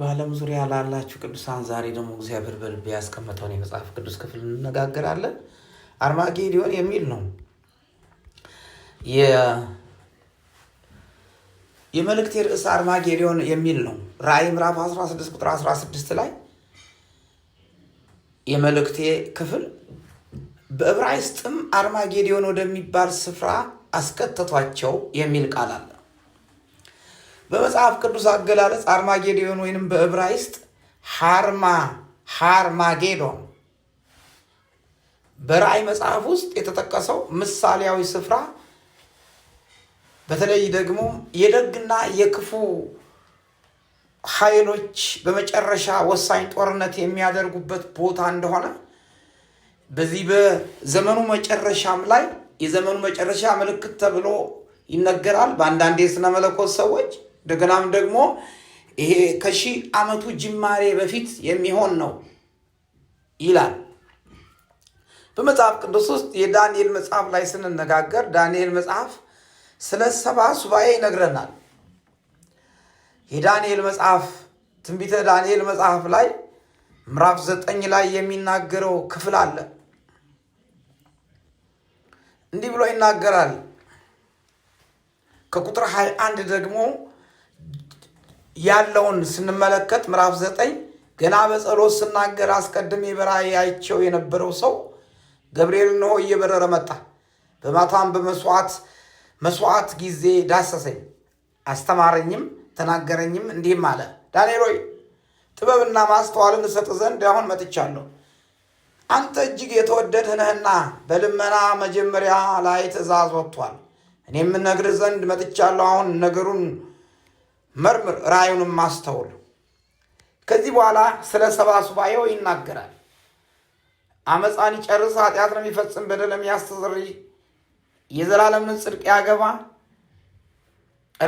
በዓለም ዙሪያ ላላችሁ ቅዱሳን ዛሬ ደግሞ እግዚአብሔር በልብ ያስቀመጠውን የመጽሐፍ ቅዱስ ክፍል እንነጋገራለን። አርማጌዲዮን የሚል ነው። የመልእክት ርዕስ አርማጌዶን የሚል ነው። ራእይ ምዕራፍ 16 ቁጥር 16 ላይ የመልእክቴ ክፍል በዕብራይስጥም አርማጌዲዮን ወደሚባል ስፍራ አስከተቷቸው የሚል ቃል አለ። በመጽሐፍ ቅዱስ አገላለጽ አርማጌዶን ወይንም በዕብራይስጥ ሃርማ ሃርማጌዶን በራእይ መጽሐፍ ውስጥ የተጠቀሰው ምሳሌያዊ ስፍራ በተለይ ደግሞ የደግና የክፉ ኃይሎች በመጨረሻ ወሳኝ ጦርነት የሚያደርጉበት ቦታ እንደሆነ በዚህ በዘመኑ መጨረሻም ላይ የዘመኑ መጨረሻ ምልክት ተብሎ ይነገራል። በአንዳንድ የስነ መለኮት ሰዎች እንደገናም ደግሞ ይሄ ከሺህ ዓመቱ ጅማሬ በፊት የሚሆን ነው ይላል። በመጽሐፍ ቅዱስ ውስጥ የዳንኤል መጽሐፍ ላይ ስንነጋገር ዳንኤል መጽሐፍ ስለ ሰባ ሱባኤ ይነግረናል። የዳንኤል መጽሐፍ ትንቢተ ዳንኤል መጽሐፍ ላይ ምዕራፍ ዘጠኝ ላይ የሚናገረው ክፍል አለ። እንዲህ ብሎ ይናገራል። ከቁጥር አንድ ደግሞ ያለውን ስንመለከት ምዕራፍ ዘጠኝ ገና በጸሎት ስናገር አስቀድሜ በራእይ አይቼው የነበረው ሰው ገብርኤል ነሆ እየበረረ መጣ። በማታም በመስዋዕት መስዋዕት ጊዜ ዳሰሰኝ፣ አስተማረኝም፣ ተናገረኝም እንዲህም አለ፣ ዳንኤል ሆይ ጥበብና ማስተዋልን እሰጥ ዘንድ አሁን መጥቻለሁ። አንተ እጅግ የተወደድህ ነህና በልመና መጀመሪያ ላይ ትእዛዝ ወጥቷል። እኔም እነግርህ ዘንድ መጥቻለሁ። አሁን ነገሩን መርምር፣ ራእዩንም አስተውል። ከዚህ በኋላ ስለ ሰባ ሱባኤው ይናገራል። አመፃን ይጨርስ፣ ኃጢአት የሚፈጽም በደል የሚያስተሰርይ፣ የዘላለምን ጽድቅ ያገባ፣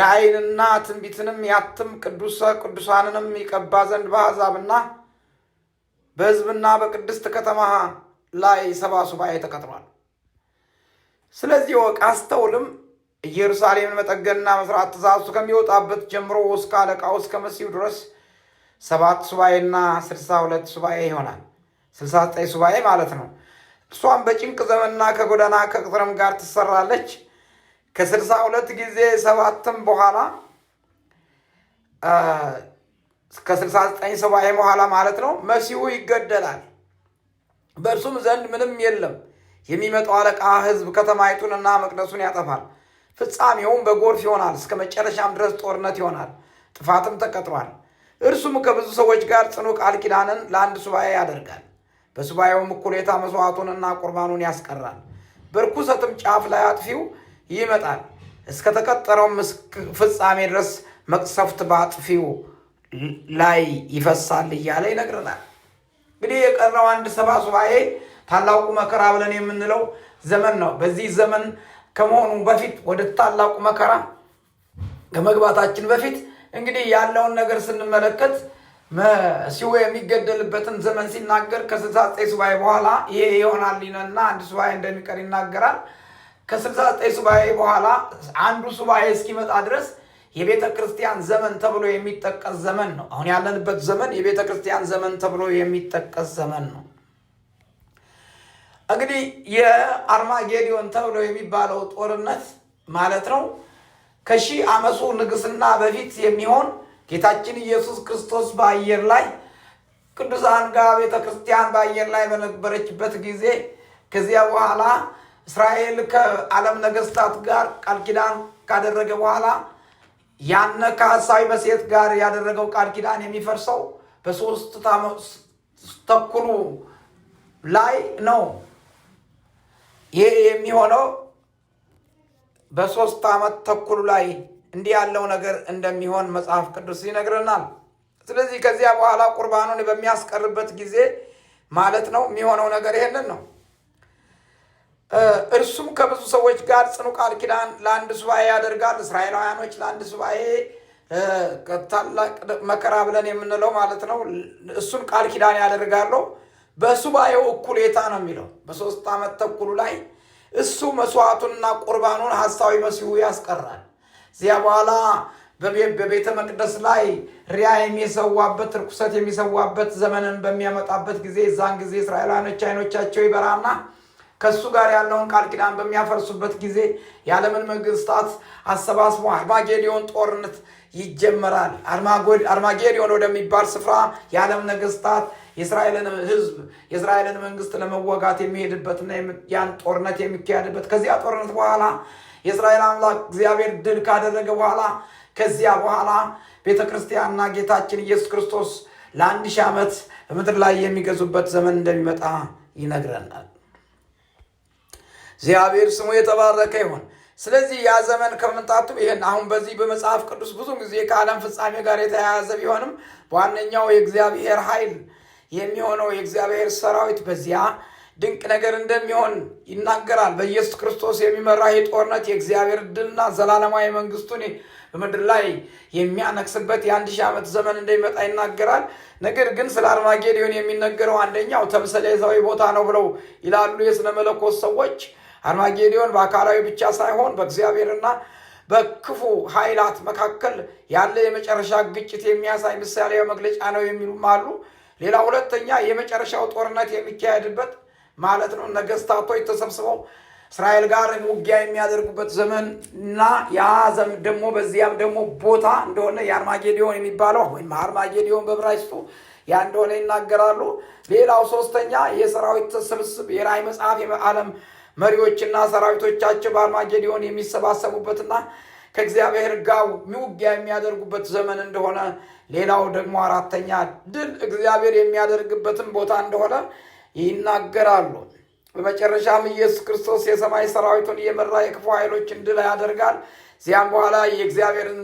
ራእይንና ትንቢትንም ያትም፣ ቅዱሰ ቅዱሳንንም ይቀባ ዘንድ በአሕዛብና በሕዝብና በቅድስት ከተማ ላይ ሰባ ሱባኤ ተቀጥሯል። ስለዚህ ወቅ አስተውልም ኢየሩሳሌምን መጠገንና መስራት ትእዛዙ ከሚወጣበት ጀምሮ እስከ አለቃው እስከ መሲሁ ድረስ ሰባት ሱባኤና ስልሳ ሁለት ሱባኤ ይሆናል። ስልሳ ዘጠኝ ሱባኤ ማለት ነው። እሷም በጭንቅ ዘመንና ከጎዳና ከቅጥርም ጋር ትሰራለች። ከስልሳ ሁለት ጊዜ ሰባትም በኋላ ከስልሳ ዘጠኝ ሱባኤ በኋላ ማለት ነው መሲሁ ይገደላል። በእርሱም ዘንድ ምንም የለም። የሚመጣው አለቃ ህዝብ ከተማይቱንና መቅደሱን ያጠፋል። ፍጻሜውም በጎርፍ ይሆናል፣ እስከ መጨረሻም ድረስ ጦርነት ይሆናል፣ ጥፋትም ተቀጥሯል። እርሱም ከብዙ ሰዎች ጋር ጽኑ ቃል ኪዳንን ለአንድ ሱባኤ ያደርጋል። በሱባኤውም እኩሌታ መስዋዕቱንና ቁርባኑን ያስቀራል። በርኩሰትም ጫፍ ላይ አጥፊው ይመጣል። እስከ ተቀጠረውም ፍጻሜ ድረስ መቅሰፍት በአጥፊው ላይ ይፈሳል እያለ ይነግረናል። እንግዲህ የቀረው አንድ ሰባ ሱባኤ ታላቁ መከራ ብለን የምንለው ዘመን ነው። በዚህ ዘመን ከመሆኑ በፊት ወደ ታላቁ መከራ ከመግባታችን በፊት እንግዲህ ያለውን ነገር ስንመለከት ሲወ የሚገደልበትን ዘመን ሲናገር ከስልሳ ዘጠኝ ሱባኤ በኋላ ይሄ ይሆናል ይነና አንድ ሱባኤ እንደሚቀር ይናገራል። ከስልሳ ዘጠኝ ሱባኤ በኋላ አንዱ ሱባኤ እስኪመጣ ድረስ የቤተ ክርስቲያን ዘመን ተብሎ የሚጠቀስ ዘመን ነው። አሁን ያለንበት ዘመን የቤተ ክርስቲያን ዘመን ተብሎ የሚጠቀስ ዘመን ነው። እንግዲህ የአርማጌዲዮን ተብሎ የሚባለው ጦርነት ማለት ነው ከሺህ ዓመቱ ንግስና በፊት የሚሆን ጌታችን ኢየሱስ ክርስቶስ በአየር ላይ ቅዱሳን ጋር ቤተ ክርስቲያን በአየር ላይ በነበረችበት ጊዜ ከዚያ በኋላ እስራኤል ከዓለም ነገስታት ጋር ቃል ኪዳን ካደረገ በኋላ ያነ ከሐሳዊ መሴት ጋር ያደረገው ቃል ኪዳን የሚፈርሰው በሶስት ተኩሉ ላይ ነው። ይህ የሚሆነው በሶስት ዓመት ተኩል ላይ እንዲህ ያለው ነገር እንደሚሆን መጽሐፍ ቅዱስ ይነግረናል። ስለዚህ ከዚያ በኋላ ቁርባኑን በሚያስቀርበት ጊዜ ማለት ነው የሚሆነው ነገር ይሄንን ነው። እርሱም ከብዙ ሰዎች ጋር ጽኑ ቃል ኪዳን ለአንድ ሱባኤ ያደርጋል። እስራኤላውያኖች ለአንድ ሱባኤ ታላቅ መከራ ብለን የምንለው ማለት ነው። እሱን ቃል ኪዳን ያደርጋሉ። በሱባኤው እኩሌታ ነው የሚለው በሶስት ዓመት ተኩሉ ላይ እሱ መስዋዕቱንና ቁርባኑን ሐሳዊ መሲሁ ያስቀራል። እዚያ በኋላ በቤተ መቅደስ ላይ ሪያ የሚሰዋበት ርኩሰት የሚሰዋበት ዘመንን በሚያመጣበት ጊዜ እዛን ጊዜ እስራኤላኖች አይኖቻቸው ይበራና ከእሱ ጋር ያለውን ቃል ኪዳን በሚያፈርሱበት ጊዜ የዓለምን መንግስታት አሰባስቦ አርማጌዲዮን ጦርነት ይጀመራል። አርማጌዲዮን ወደሚባል ስፍራ የዓለም ነገስታት የእስራኤልን ህዝብ የእስራኤልን መንግስት ለመወጋት የሚሄድበትና ያን ጦርነት የሚካሄድበት ከዚያ ጦርነት በኋላ የእስራኤል አምላክ እግዚአብሔር ድል ካደረገ በኋላ ከዚያ በኋላ ቤተ ክርስቲያንና ጌታችን ኢየሱስ ክርስቶስ ለአንድ ሺህ ዓመት በምድር ላይ የሚገዙበት ዘመን እንደሚመጣ ይነግረናል። እግዚአብሔር ስሙ የተባረከ ይሁን። ስለዚህ ያ ዘመን ከመምጣቱ ይህን አሁን በዚህ በመጽሐፍ ቅዱስ ብዙ ጊዜ ከዓለም ፍጻሜ ጋር የተያያዘ ቢሆንም በዋነኛው የእግዚአብሔር ኃይል የሚሆነው የእግዚአብሔር ሰራዊት በዚያ ድንቅ ነገር እንደሚሆን ይናገራል። በኢየሱስ ክርስቶስ የሚመራ ይህ ጦርነት የእግዚአብሔር ድልና ዘላለማዊ መንግስቱን በምድር ላይ የሚያነክስበት የአንድ ሺህ ዓመት ዘመን እንደሚመጣ ይናገራል። ነገር ግን ስለ አርማጌዶን የሚነገረው አንደኛው ተምሳሌታዊ ቦታ ነው ብለው ይላሉ የሥነ መለኮት ሰዎች። አርማጌዲዮን በአካላዊ ብቻ ሳይሆን በእግዚአብሔርና በክፉ ኃይላት መካከል ያለ የመጨረሻ ግጭት የሚያሳይ ምሳሌ መግለጫ ነው የሚሉም አሉ። ሌላ ሁለተኛ የመጨረሻው ጦርነት የሚካሄድበት ማለት ነው። ነገስታቶች ተሰብስበው እስራኤል ጋር ውጊያ የሚያደርጉበት ዘመን እና ያ ዘመን ደግሞ በዚያም ደግሞ ቦታ እንደሆነ የአርማጌዲዮን የሚባለው ወይም አርማጌዲዮን በዕብራይስጡ ያ እንደሆነ ይናገራሉ። ሌላው ሶስተኛ የሰራዊት ስብስብ የራእይ መጽሐፍ የዓለም መሪዎችና ሰራዊቶቻቸው በአርማጌዲዮን የሚሰባሰቡበትና ከእግዚአብሔር ጋር ውጊያ የሚያደርጉበት ዘመን እንደሆነ፣ ሌላው ደግሞ አራተኛ ድል እግዚአብሔር የሚያደርግበትን ቦታ እንደሆነ ይናገራሉ። በመጨረሻም ኢየሱስ ክርስቶስ የሰማይ ሰራዊቱን እየመራ የክፉ ኃይሎችን ድል ያደርጋል። እዚያም በኋላ የእግዚአብሔርን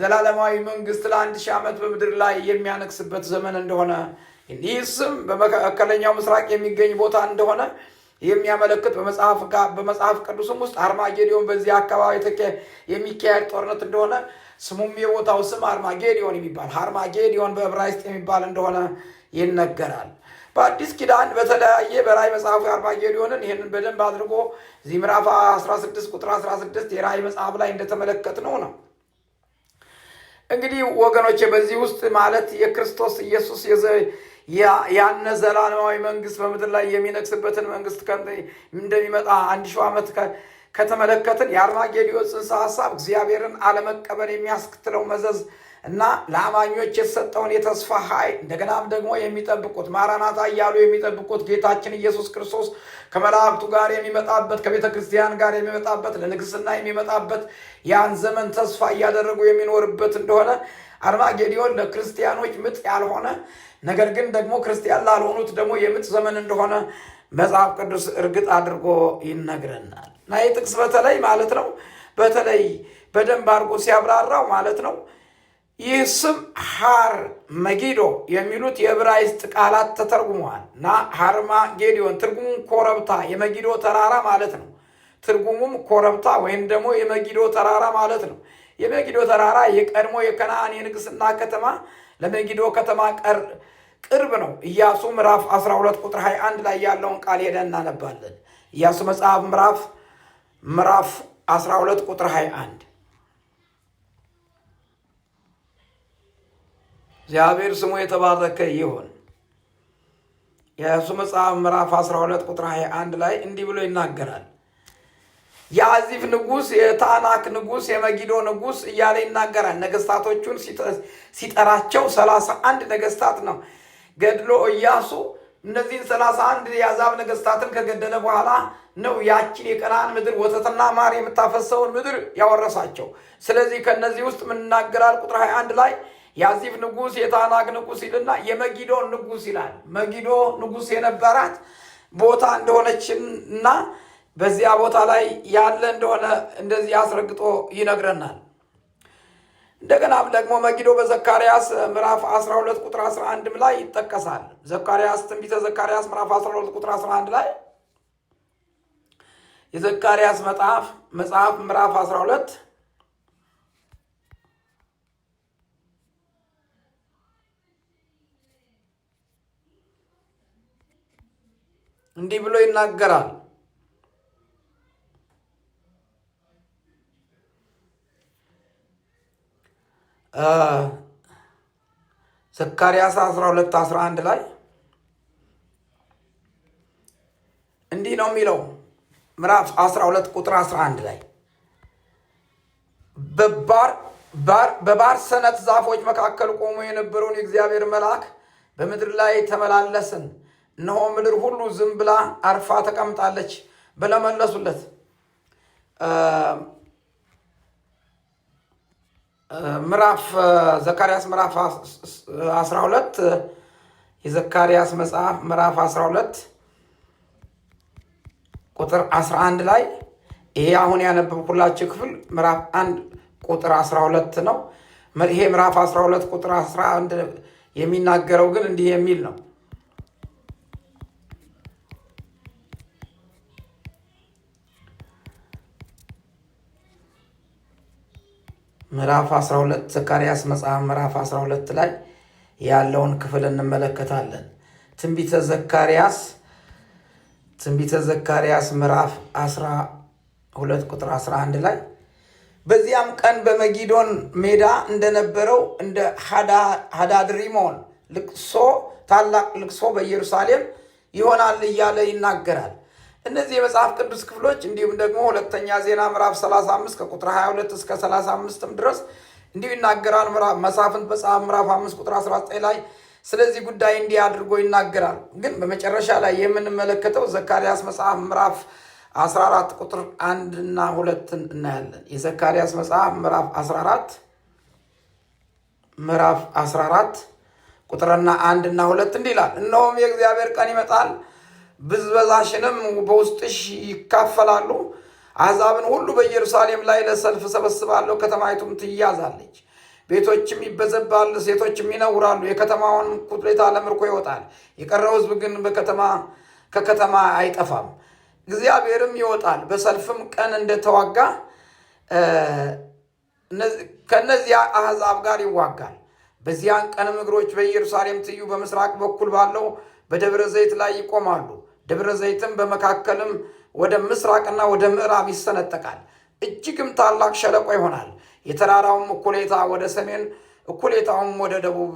ዘላለማዊ መንግስት ለአንድ ሺህ ዓመት በምድር ላይ የሚያነግስበት ዘመን እንደሆነ ይህ ስም በመካከለኛው ምስራቅ የሚገኝ ቦታ እንደሆነ የሚያመለክት በመጽሐፍ ቅዱስም ውስጥ አርማጌዲዮን በዚህ አካባቢ የሚካሄድ ጦርነት እንደሆነ ስሙም የቦታው ስም አርማጌዲዮን የሚባል አርማጌዲዮን በዕብራይስጥ የሚባል እንደሆነ ይነገራል። በአዲስ ኪዳን በተለያየ በራይ መጽሐፉ አርማጌዲዮንን ይህንን በደንብ አድርጎ እዚህ ምዕራፍ 16 ቁጥር 16 የራይ መጽሐፍ ላይ እንደተመለከት ነው ነው። እንግዲህ ወገኖቼ በዚህ ውስጥ ማለት የክርስቶስ ኢየሱስ ያነ ዘላለማዊ መንግስት በምድር ላይ የሚነግስበትን መንግስት እንደሚመጣ አንድ ሺው ዓመት ከተመለከትን የአርማጌዲዮ ጽንሰ ሀሳብ እግዚአብሔርን አለመቀበል የሚያስከትለው መዘዝ እና ለአማኞች የተሰጠውን የተስፋ ኃይል እንደገናም ደግሞ የሚጠብቁት ማራናታ እያሉ የሚጠብቁት ጌታችን ኢየሱስ ክርስቶስ ከመላእክቱ ጋር የሚመጣበት ከቤተ ክርስቲያን ጋር የሚመጣበት ለንግስና የሚመጣበት ያን ዘመን ተስፋ እያደረጉ የሚኖርበት እንደሆነ አርማጌዲዮን ለክርስቲያኖች ምጥ ያልሆነ ነገር ግን ደግሞ ክርስቲያን ላልሆኑት ደግሞ የምጥ ዘመን እንደሆነ መጽሐፍ ቅዱስ እርግጥ አድርጎ ይነግረናል። እና ይህ ጥቅስ በተለይ ማለት ነው በተለይ በደንብ አድርጎ ሲያብራራው ማለት ነው ይህ ስም ሃር መጊዶ የሚሉት የዕብራይስጥ ቃላት ተተርጉመዋል እና ሃርማ ጌዲዮን ትርጉሙም ኮረብታ የመጊዶ ተራራ ማለት ነው። ትርጉሙም ኮረብታ ወይም ደግሞ የመጊዶ ተራራ ማለት ነው። የመጊዶ ተራራ የቀድሞ የከነአን የንግስና ከተማ ለመጊዶ ከተማ ቅርብ ነው። ኢያሱ ምዕራፍ 12 ቁጥር 21 ላይ ያለውን ቃል ሄደን እናነባለን። ኢያሱ መጽሐፍ ምዕራፍ ምዕራፍ 12 ቁጥር 21 እግዚአብሔር ስሙ የተባረከ ይሁን። ኢያሱ መጽሐፍ ምዕራፍ 12 ቁጥር 21 ላይ እንዲህ ብሎ ይናገራል። የአዚፍ ንጉስ፣ የታናክ ንጉስ፣ የመጊዶ ንጉስ እያለ ይናገራል። ነገስታቶቹን ሲጠራቸው ሰላሳ አንድ ነገስታት ነው። ገድሎ እያሱ እነዚህን ሰላሳ አንድ የአሕዛብ ነገስታትን ከገደለ በኋላ ነው ያችን የቀናን ምድር ወተትና ማር የምታፈሰውን ምድር ያወረሳቸው። ስለዚህ ከእነዚህ ውስጥ ምንናገራል? ቁጥር 21 ላይ የአዚፍ ንጉስ የታናክ ንጉስ ይልና የመጊዶ ንጉስ ይላል። መጊዶ ንጉስ የነበራት ቦታ እንደሆነችና በዚያ ቦታ ላይ ያለ እንደሆነ እንደዚህ አስረግጦ ይነግረናል። እንደገናም ደግሞ መጊዶ በዘካርያስ ምዕራፍ 12 ቁጥር 11 ላይ ይጠቀሳል። ዘካርያስ ትንቢተ ዘካርያስ ምዕራፍ 12 ቁጥር 11 ላይ የዘካርያስ መጽሐፍ መጽሐፍ ምዕራፍ 12 እንዲህ ብሎ ይናገራል። ዘካርያስ 12 11 ላይ እንዲህ ነው የሚለው። ምዕራፍ 12 ቁጥር 11 ላይ በባር ሰነት ዛፎች መካከል ቆሞ የነበረውን የእግዚአብሔር መልአክ በምድር ላይ ተመላለስን፣ እነሆ ምድር ሁሉ ዝም ብላ አርፋ ተቀምጣለች ብለመለሱለት። ምዕራፍ ዘካርያስ ምዕራፍ 12 የዘካርያስ መጽሐፍ ምዕራፍ 12 ቁጥር 11 ላይ ይሄ አሁን ያነበብኩላችሁ ክፍል ምዕራፍ 1 ቁጥር 12 ነው። ይሄ ምዕራፍ 12 ቁጥር 11 የሚናገረው ግን እንዲህ የሚል ነው። ምዕራፍ 12 ዘካርያስ መጽሐፍ ምዕራፍ 12 ላይ ያለውን ክፍል እንመለከታለን። ትንቢተ ዘካርያስ ትንቢተ ዘካርያስ ምዕራፍ 12 ቁጥር 11 ላይ በዚያም ቀን በመጊዶን ሜዳ እንደነበረው እንደ ሃዳድሪሞን ልቅሶ ታላቅ ልቅሶ በኢየሩሳሌም ይሆናል እያለ ይናገራል። እነዚህ የመጽሐፍ ቅዱስ ክፍሎች እንዲሁም ደግሞ ሁለተኛ ዜና ምዕራፍ 35 ከቁጥር 22 እስከ 35 ድረስ እንዲሁ ይናገራል። መጽሐፍን በጽሐፍ ምዕራፍ 5 ቁጥር 19 ላይ ስለዚህ ጉዳይ እንዲህ አድርጎ ይናገራል። ግን በመጨረሻ ላይ የምንመለከተው ዘካርያስ መጽሐፍ ምዕራፍ 14 ቁጥር 1 እና 2 እናያለን። የዘካርያስ መጽሐፍ ምዕራፍ 14 ምዕራፍ 14 ቁጥርና 1 እና 2 እንዲህ ይላል፣ እነሆም የእግዚአብሔር ቀን ይመጣል ብዝበዛሽንም በውስጥሽ ይካፈላሉ። አሕዛብን ሁሉ በኢየሩሳሌም ላይ ለሰልፍ ሰበስባለሁ። ከተማይቱም ትያዛለች፣ ቤቶችም ይበዘባል፣ ሴቶችም ይነውራሉ። የከተማውን ኩሌታ ለምርኮ ይወጣል። የቀረው ሕዝብ ግን በከተማ ከከተማ አይጠፋም። እግዚአብሔርም ይወጣል፣ በሰልፍም ቀን እንደተዋጋ ከእነዚያ አሕዛብ ጋር ይዋጋል። በዚያን ቀንም እግሮች በኢየሩሳሌም ትዩ በምስራቅ በኩል ባለው በደብረ ዘይት ላይ ይቆማሉ። ደብረ ዘይትም በመካከልም ወደ ምስራቅና ወደ ምዕራብ ይሰነጠቃል። እጅግም ታላቅ ሸለቆ ይሆናል። የተራራውም እኩሌታ ወደ ሰሜን፣ እኩሌታውም ወደ ደቡብ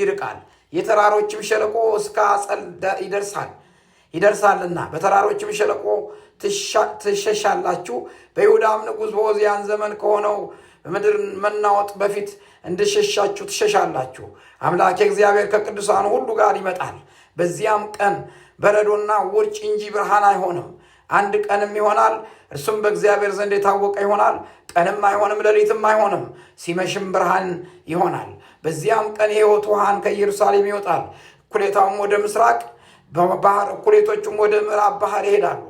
ይርቃል። የተራሮችም ሸለቆ እስከ አጸል ይደርሳል ይደርሳልና በተራሮችም ሸለቆ ትሸሻላችሁ። በይሁዳም ንጉሥ በዖዝያን ዘመን ከሆነው በምድር መናወጥ በፊት እንደሸሻችሁ ትሸሻላችሁ። አምላክ እግዚአብሔር ከቅዱሳን ሁሉ ጋር ይመጣል። በዚያም ቀን በረዶና ውርጭ እንጂ ብርሃን አይሆንም። አንድ ቀንም ይሆናል፣ እርሱም በእግዚአብሔር ዘንድ የታወቀ ይሆናል። ቀንም አይሆንም፣ ሌሊትም አይሆንም፣ ሲመሽም ብርሃን ይሆናል። በዚያም ቀን የሕይወት ውሃን ከኢየሩሳሌም ይወጣል፣ እኩሌታውም ወደ ምስራቅ ባህር፣ እኩሌቶቹም ወደ ምዕራብ ባህር ይሄዳሉ።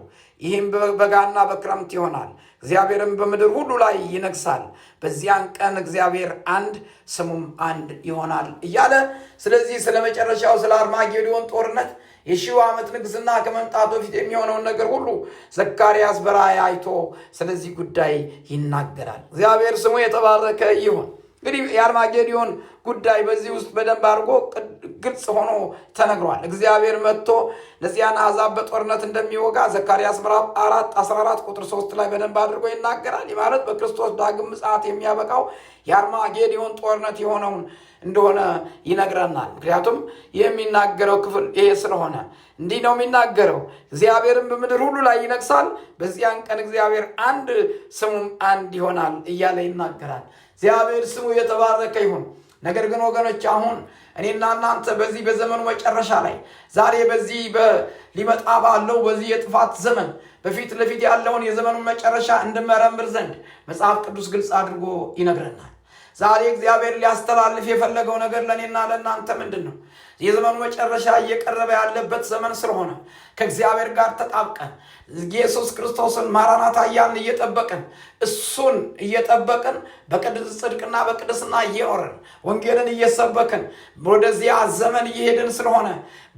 ይህም በጋና በክረምት ይሆናል። እግዚአብሔርም በምድር ሁሉ ላይ ይነግሳል። በዚያን ቀን እግዚአብሔር አንድ ስሙም አንድ ይሆናል እያለ ስለዚህ ስለ መጨረሻው ስለ አርማጌዶን ጦርነት የሺው ዓመት ንግስና ከመምጣቱ በፊት የሚሆነውን ነገር ሁሉ ዘካርያስ በራእይ አይቶ ስለዚህ ጉዳይ ይናገራል። እግዚአብሔር ስሙ የተባረከ ይሁን። እንግዲህ የአርማጌዲዮን ጉዳይ በዚህ ውስጥ በደንብ አድርጎ ግልጽ ሆኖ ተነግሯል። እግዚአብሔር መጥቶ እነዚያን አሕዛብ በጦርነት እንደሚወጋ ዘካርያስ ምዕራፍ አራት አስራ አራት ቁጥር ሶስት ላይ በደንብ አድርጎ ይናገራል። ይህ ማለት በክርስቶስ ዳግም ምጽአት የሚያበቃው የአርማጌዲዮን ጦርነት የሆነውን እንደሆነ ይነግረናል። ምክንያቱም የሚናገረው ክፍል ይሄ ስለሆነ እንዲህ ነው የሚናገረው፣ እግዚአብሔርን በምድር ሁሉ ላይ ይነግሳል፣ በዚያን ቀን እግዚአብሔር አንድ ስሙም አንድ ይሆናል እያለ ይናገራል። እግዚአብሔር ስሙ የተባረከ ይሁን። ነገር ግን ወገኖች አሁን እኔና እናንተ በዚህ በዘመኑ መጨረሻ ላይ ዛሬ በዚህ ሊመጣ ባለው በዚህ የጥፋት ዘመን በፊት ለፊት ያለውን የዘመኑን መጨረሻ እንድመረምር ዘንድ መጽሐፍ ቅዱስ ግልጽ አድርጎ ይነግረናል። ዛሬ እግዚአብሔር ሊያስተላልፍ የፈለገው ነገር ለእኔና ለእናንተ ምንድን ነው? የዘመኑ መጨረሻ እየቀረበ ያለበት ዘመን ስለሆነ ከእግዚአብሔር ጋር ተጣብቀን ኢየሱስ ክርስቶስን ማራናታ እያልን እየጠበቅን እሱን እየጠበቅን በቅድስ ጽድቅና በቅድስና እየኖርን ወንጌልን እየሰበክን ወደዚያ ዘመን እየሄድን ስለሆነ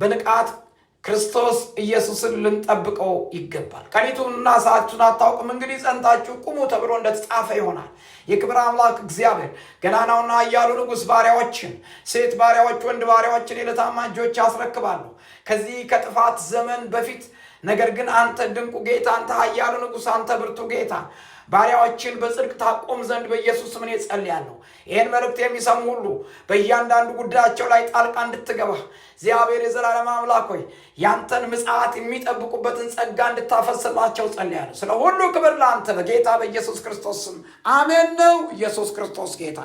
በንቃት ክርስቶስ ኢየሱስን ልንጠብቀው ይገባል። ቀኒቱንና ሰዓቱን አታውቅም፣ እንግዲህ ጸንታችሁ ቁሙ ተብሎ እንደተጻፈ ይሆናል። የክብር አምላክ እግዚአብሔር ገናናውና እያሉ ንጉሥ ባሪያዎችን፣ ሴት ባሪያዎች፣ ወንድ ባሪያዎችን የለታማ እጆች ያስረክባሉ ከዚህ ከጥፋት ዘመን በፊት ነገር ግን አንተ ድንቁ ጌታ፣ አንተ ኃያሉ ንጉሥ፣ አንተ ብርቱ ጌታ ባሪያዎችን በጽድቅ ታቆም ዘንድ በኢየሱስ ስም ጸልያለሁ። ይህን መልእክት የሚሰሙ ሁሉ በእያንዳንዱ ጉዳያቸው ላይ ጣልቃ እንድትገባ እግዚአብሔር የዘላለም አምላክ ሆይ ያንተን ምጽአት የሚጠብቁበትን ጸጋ እንድታፈስላቸው ጸልያለሁ። ስለ ሁሉ ክብር ለአንተ በጌታ በኢየሱስ ክርስቶስ ስም አሜን። ነው ኢየሱስ ክርስቶስ ጌታ